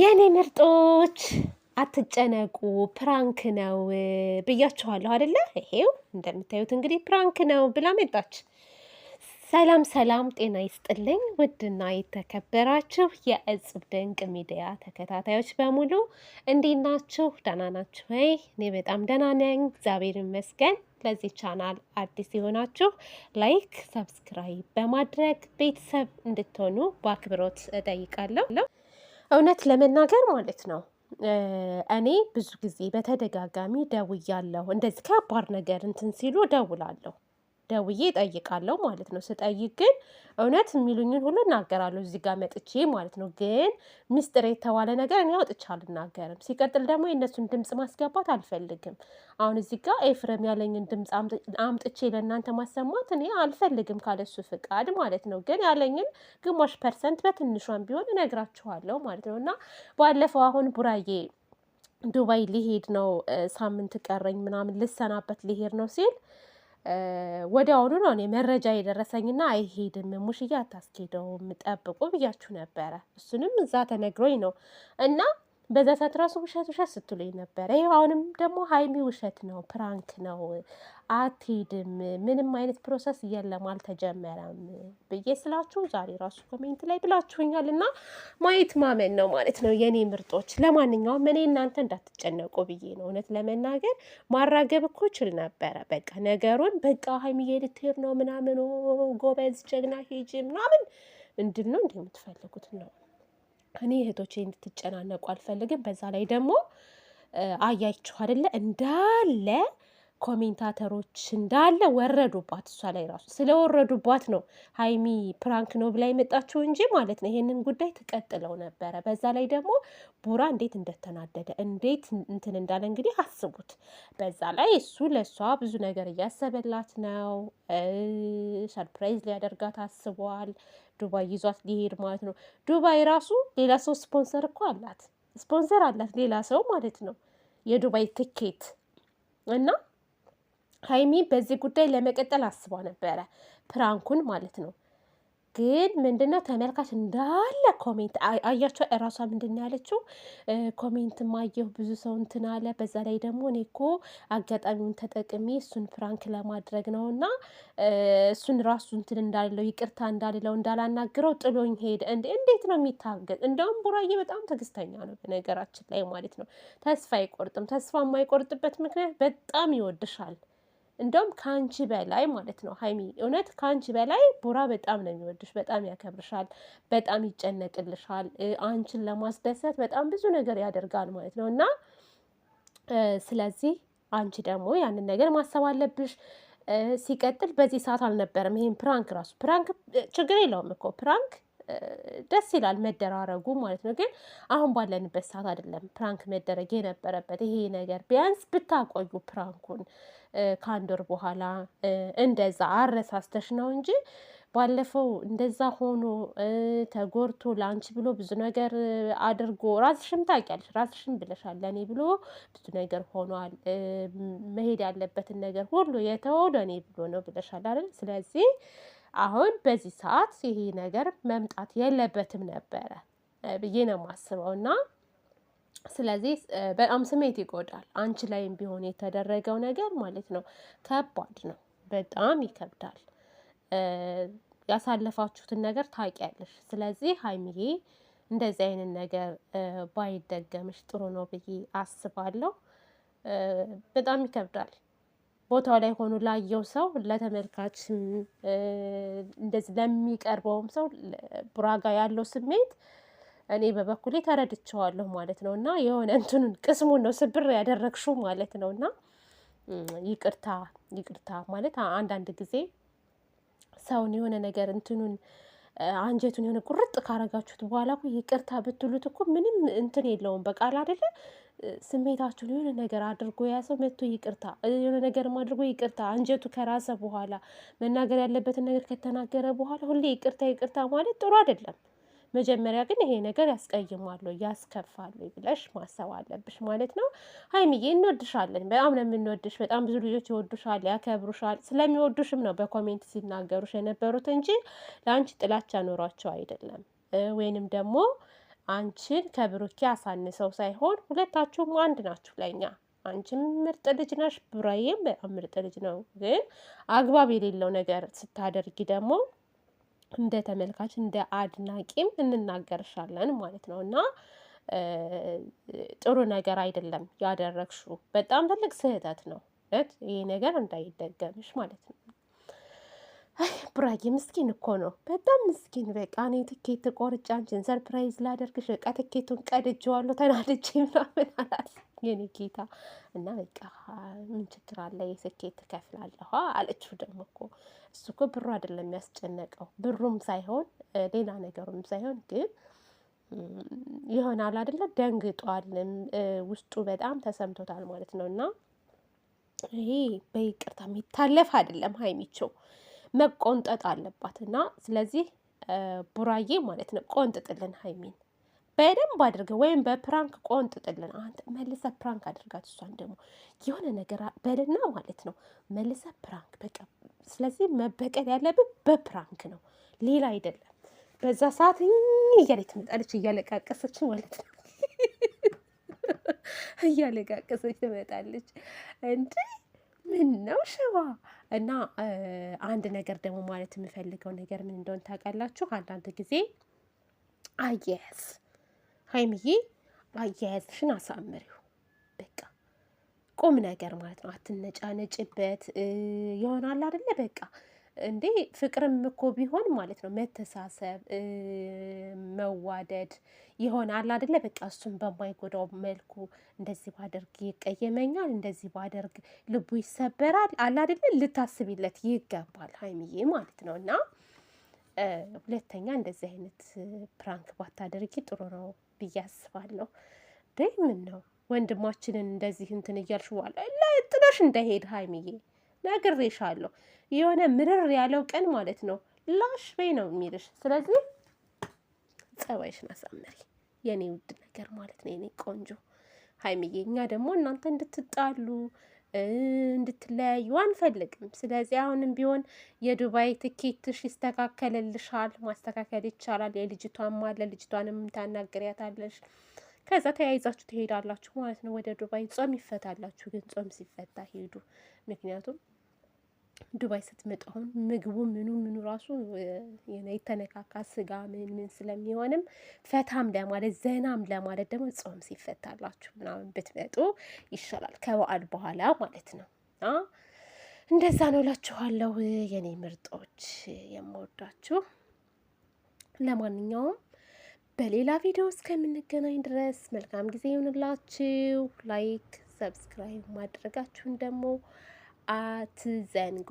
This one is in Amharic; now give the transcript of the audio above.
የእኔ ምርጦች አትጨነቁ፣ ፕራንክ ነው ብያችኋለሁ አደለ? ይሄው እንደምታዩት እንግዲህ ፕራንክ ነው ብላ መጣች። ሰላም ሰላም፣ ጤና ይስጥልኝ ውድና የተከበራችሁ የእጽብ ድንቅ ሚዲያ ተከታታዮች በሙሉ እንዴት ናችሁ? ደህና ናችሁ ወይ? እኔ በጣም ደህና ነኝ፣ እግዚአብሔር ይመስገን። ለዚህ ቻናል አዲስ የሆናችሁ ላይክ፣ ሰብስክራይብ በማድረግ ቤተሰብ እንድትሆኑ በአክብሮት እጠይቃለሁ። እውነት ለመናገር ማለት ነው እኔ ብዙ ጊዜ በተደጋጋሚ ደውያለሁ። እንደዚህ ከባድ ነገር እንትን ሲሉ ደውላለሁ። ደውዬ እጠይቃለሁ ማለት ነው። ስጠይቅ ግን እውነት የሚሉኝን ሁሉ እናገራለሁ እዚህ ጋር መጥቼ ማለት ነው። ግን ምስጢር የተባለ ነገር እኔ አውጥቼ አልናገርም። ሲቀጥል ደግሞ የእነሱን ድምፅ ማስገባት አልፈልግም። አሁን እዚህ ጋር ኤፍሬም ያለኝን ድምፅ አምጥቼ ለእናንተ ማሰማት እኔ አልፈልግም ካለሱ ፍቃድ ማለት ነው። ግን ያለኝን ግማሽ ፐርሰንት በትንሿን ቢሆን እነግራችኋለሁ ማለት ነው እና ባለፈው አሁን ቡራዬ ዱባይ ሊሄድ ነው ሳምንት ቀረኝ ምናምን ልሰናበት ሊሄድ ነው ሲል ወዲያውኑ ነው እኔ መረጃ የደረሰኝና አይሄድም፣ ሙሽዬ አታስኬደውም፣ ጠብቁ ብያችሁ ነበረ። እሱንም እዛ ተነግሮኝ ነው እና በዛ ሰዓት ራሱ ውሸት ውሸት ስትሉኝ ነበረ። ይኸው አሁንም ደግሞ ሀይሚ ውሸት ነው፣ ፕራንክ ነው፣ አትሄድም፣ ምንም አይነት ፕሮሰስ የለም፣ አልተጀመረም ብዬ ስላችሁ ዛሬ ራሱ ኮሜንት ላይ ብላችሁኛል። እና ማየት ማመን ነው ማለት ነው የእኔ ምርጦች። ለማንኛውም እኔ እናንተ እንዳትጨነቁ ብዬ ነው። እውነት ለመናገር ማራገብ እኮ ችል ነበረ። በቃ ነገሩን በቃ ሀይሚዬ ልትሄድ ነው ምናምን፣ ጎበዝ ጀግና ሂጂ ምናምን እንድን ነው እንደ የምትፈልጉት ነው እኔ እህቶቼ እንድትጨናነቁ አልፈልግም። በዛ ላይ ደግሞ አያችሁ አይደለ እንዳለ ኮሜንታተሮች እንዳለ ወረዱባት። እሷ ላይ ራሱ ስለወረዱባት ነው ሀይሚ ፕራንክ ነው ብላ የመጣችው እንጂ ማለት ነው ይሄንን ጉዳይ ትቀጥለው ነበረ። በዛ ላይ ደግሞ ቡራ እንዴት እንደተናደደ እንዴት እንትን እንዳለ እንግዲህ አስቡት። በዛ ላይ እሱ ለእሷ ብዙ ነገር እያሰበላት ነው። ሰርፕራይዝ ሊያደርጋት አስቧል። ዱባይ ይዟት ሊሄድ ማለት ነው። ዱባይ ራሱ ሌላ ሰው ስፖንሰር እኮ አላት፣ ስፖንሰር አላት ሌላ ሰው ማለት ነው። የዱባይ ትኬት እና ሀይሚ በዚህ ጉዳይ ለመቀጠል አስባ ነበረ ፕራንኩን ማለት ነው። ግን ምንድነው ተመልካች እንዳለ ኮሜንት አያቸው። እራሷ ምንድን ያለችው ኮሜንት ማየሁ ብዙ ሰው እንትን አለ። በዛ ላይ ደግሞ እኔ እኮ አጋጣሚውን ተጠቅሜ እሱን ፍራንክ ለማድረግ ነው እና እሱን ራሱ እንትን እንዳልለው ይቅርታ እንዳልለው እንዳላናግረው ጥሎኝ ሄደ። እንዴ እንዴት ነው የሚታገል? እንደውም ቡራዬ በጣም ትዕግስተኛ ነው በነገራችን ላይ ማለት ነው። ተስፋ አይቆርጥም። ተስፋ የማይቆርጥበት ምክንያት በጣም ይወድሻል። እንደውም ከአንቺ በላይ ማለት ነው ሀይሚ፣ እውነት ከአንቺ በላይ ቡራ በጣም ነው የሚወድሽ፣ በጣም ያከብርሻል፣ በጣም ይጨነቅልሻል። አንቺን ለማስደሰት በጣም ብዙ ነገር ያደርጋል ማለት ነው እና ስለዚህ አንቺ ደግሞ ያንን ነገር ማሰብ አለብሽ። ሲቀጥል በዚህ ሰዓት አልነበረም። ይሄን ፕራንክ ራሱ ፕራንክ ችግር የለውም እኮ ፕራንክ ደስ ይላል መደራረጉ ማለት ነው። ግን አሁን ባለንበት ሰዓት አይደለም ፕራንክ መደረግ የነበረበት። ይሄ ነገር ቢያንስ ብታቆዩ ፕራንኩን ከአንድ ወር በኋላ እንደዛ አረሳስተሽ ነው እንጂ ባለፈው እንደዛ ሆኖ ተጎርቶ ለአንቺ ብሎ ብዙ ነገር አድርጎ ራስሽም ታውቂያለሽ፣ ራስሽም ብለሻል። ለእኔ ብሎ ብዙ ነገር ሆኗል፣ መሄድ ያለበትን ነገር ሁሉ የተወው ለእኔ ብሎ ነው ብለሻል አይደል? ስለዚህ አሁን በዚህ ሰዓት ይሄ ነገር መምጣት የለበትም ነበረ ብዬ ነው የማስበው እና ስለዚህ በጣም ስሜት ይጎዳል። አንቺ ላይም ቢሆን የተደረገው ነገር ማለት ነው ከባድ ነው፣ በጣም ይከብዳል። ያሳለፋችሁትን ነገር ታውቂያለሽ። ስለዚህ ሀይሚዬ እንደዚህ አይነት ነገር ባይደገምሽ ጥሩ ነው ብዬ አስባለሁ። በጣም ይከብዳል። ቦታው ላይ ሆኖ ላየው ሰው ለተመልካች እንደዚህ ለሚቀርበውም ሰው ቡራጋ ያለው ስሜት እኔ በበኩሌ ተረድቸዋለሁ ማለት ነው። እና የሆነ እንትኑን ቅስሙን ነው ስብር ያደረግሹ ማለት ነው። እና ይቅርታ ይቅርታ ማለት አንዳንድ ጊዜ ሰውን የሆነ ነገር እንትኑን አንጀቱን የሆነ ቁርጥ ካረጋችሁት በኋላ ይቅርታ ብትሉት እኮ ምንም እንትን የለውም። በቃል አደለ ስሜታችሁን የሆነ ነገር አድርጎ ያ ሰው መቶ ይቅርታ የሆነ ነገርም አድርጎ ይቅርታ አንጀቱ ከራሰ በኋላ መናገር ያለበትን ነገር ከተናገረ በኋላ ሁሌ ይቅርታ ይቅርታ ማለት ጥሩ አይደለም። መጀመሪያ ግን ይሄ ነገር ያስቀይማሉ ያስከፋሉ ብለሽ ማሰብ አለብሽ ማለት ነው። ሀይሚዬ እንወድሻለን፣ በጣም ነው የምንወድሽ። በጣም ብዙ ልጆች ይወዱሻል፣ ያከብሩሻል። ስለሚወዱሽም ነው በኮሜንት ሲናገሩሽ የነበሩት እንጂ ለአንቺ ጥላቻ ኖሯቸው አይደለም ወይንም ደግሞ አንቺን ከብሩኬ አሳንሰው ሳይሆን ሁለታችሁም አንድ ናችሁ ለኛ። አንቺም ምርጥ ልጅ ነሽ፣ ብሩኬም በጣም ምርጥ ልጅ ነው። ግን አግባብ የሌለው ነገር ስታደርጊ ደግሞ እንደ ተመልካች እንደ አድናቂም እንናገርሻለን ማለት ነው እና ጥሩ ነገር አይደለም ያደረግሽው። በጣም ትልቅ ስህተት ነው። ይህ ነገር እንዳይደገምሽ ማለት ነው። ቡራዬ ምስኪን እኮ ነው፣ በጣም ምስኪን። በቃ እኔ ትኬት ቆርጬ አንቺን ሰርፕራይዝ ላደርግሽ በቃ ትኬቱን ቀድጄዋለሁ ተናድጄ ምናምን አላት የኔ ጌታ። እና በቃ ምን ችግር አለ የስኬት ትከፍላለሁ አለችው። ደግሞ እኮ እሱ እኮ ብሩ አይደለም የሚያስጨነቀው ብሩም ሳይሆን ሌላ ነገሩም ሳይሆን ግን ይሆናል አይደለ? ደንግጧል፣ ውስጡ በጣም ተሰምቶታል ማለት ነው። እና ይሄ በይቅርታ የሚታለፍ አይደለም ሀይሚቸው መቆንጠጥ አለባት እና ስለዚህ ቡራዬ ማለት ነው ቆንጥጥልን ሀይሚን በደንብ አድርገ ወይም በፕራንክ ቆንጥጥልን። አንተ መልሰ ፕራንክ አድርጋት፣ እሷን ደግሞ የሆነ ነገር በልና ማለት ነው መልሰ ፕራንክ በቃ። ስለዚህ መበቀል ያለብን በፕራንክ ነው፣ ሌላ አይደለም። በዛ ሰዓት እያለች ትመጣለች፣ እያለቃቀሰች ማለት ነው እያለቃቀሰች ትመጣለች እንዴ ምን ነው ሽባ እና አንድ ነገር ደግሞ ማለት የምፈልገው ነገር ምን እንደሆነ ታውቃላችሁ? አንዳንድ ጊዜ አያያዝ ሀይምዬ አያያዝሽን አሳምሪው። በቃ ቁም ነገር ማለት ነው። አትነጫነጭበት ይሆናል አይደለ? በቃ እንዴ ፍቅርም እኮ ቢሆን ማለት ነው መተሳሰብ፣ መዋደድ የሆነ አለ አይደለ? በቃ እሱን በማይጎዳው መልኩ እንደዚህ ባደርግ ይቀየመኛል፣ እንደዚህ ባደርግ ልቡ ይሰበራል፣ አለ አይደለ? ልታስቢለት ይገባል ሀይሚዬ ማለት ነው። እና ሁለተኛ እንደዚህ አይነት ፕራንክ ባታደርጊ ጥሩ ነው ብዬ አስባለሁ። ምን ነው ወንድማችንን እንደዚህ እንትን እያልሽ ዋለ ጥለሽ እንዳይሄድ ሀይሚዬ ነግሬሻለሁ። የሆነ ምርር ያለው ቀን ማለት ነው ላሽ በይ ነው የሚልሽ። ስለዚህ ጸባይሽን አሳምሪ የኔ ውድ ነገር ማለት ነው የኔ ቆንጆ ሀይሚዬ። እኛ ደግሞ እናንተ እንድትጣሉ እንድትለያዩ አንፈልግም። ስለዚህ አሁንም ቢሆን የዱባይ ትኬትሽ ይስተካከልልሻል፣ ማስተካከል ይቻላል። የልጅቷን ማለ ልጅቷንም ታናግሪያታለሽ ከዛ ተያይዛችሁ ትሄዳላችሁ ማለት ነው ወደ ዱባይ። ጾም ይፈታላችሁ፣ ግን ጾም ሲፈታ ሄዱ። ምክንያቱም ዱባይ ስትመጡ አሁን ምግቡ ምኑ ምኑ ራሱ የተነካካ ስጋ ምን ምን ስለሚሆንም ፈታም ለማለት ዘናም ለማለት ደግሞ ጾም ሲፈታላችሁ ምናምን ብትመጡ ይሻላል፣ ከበዓል በኋላ ማለት ነው። እንደዛ ነው እላችኋለሁ የኔ ምርጦች፣ የምወዳችሁ ለማንኛውም በሌላ ቪዲዮ እስከምንገናኝ ድረስ መልካም ጊዜ ይሁንላችሁ። ላይክ፣ ሰብስክራይብ ማድረጋችሁን ደግሞ አትዘንጉ።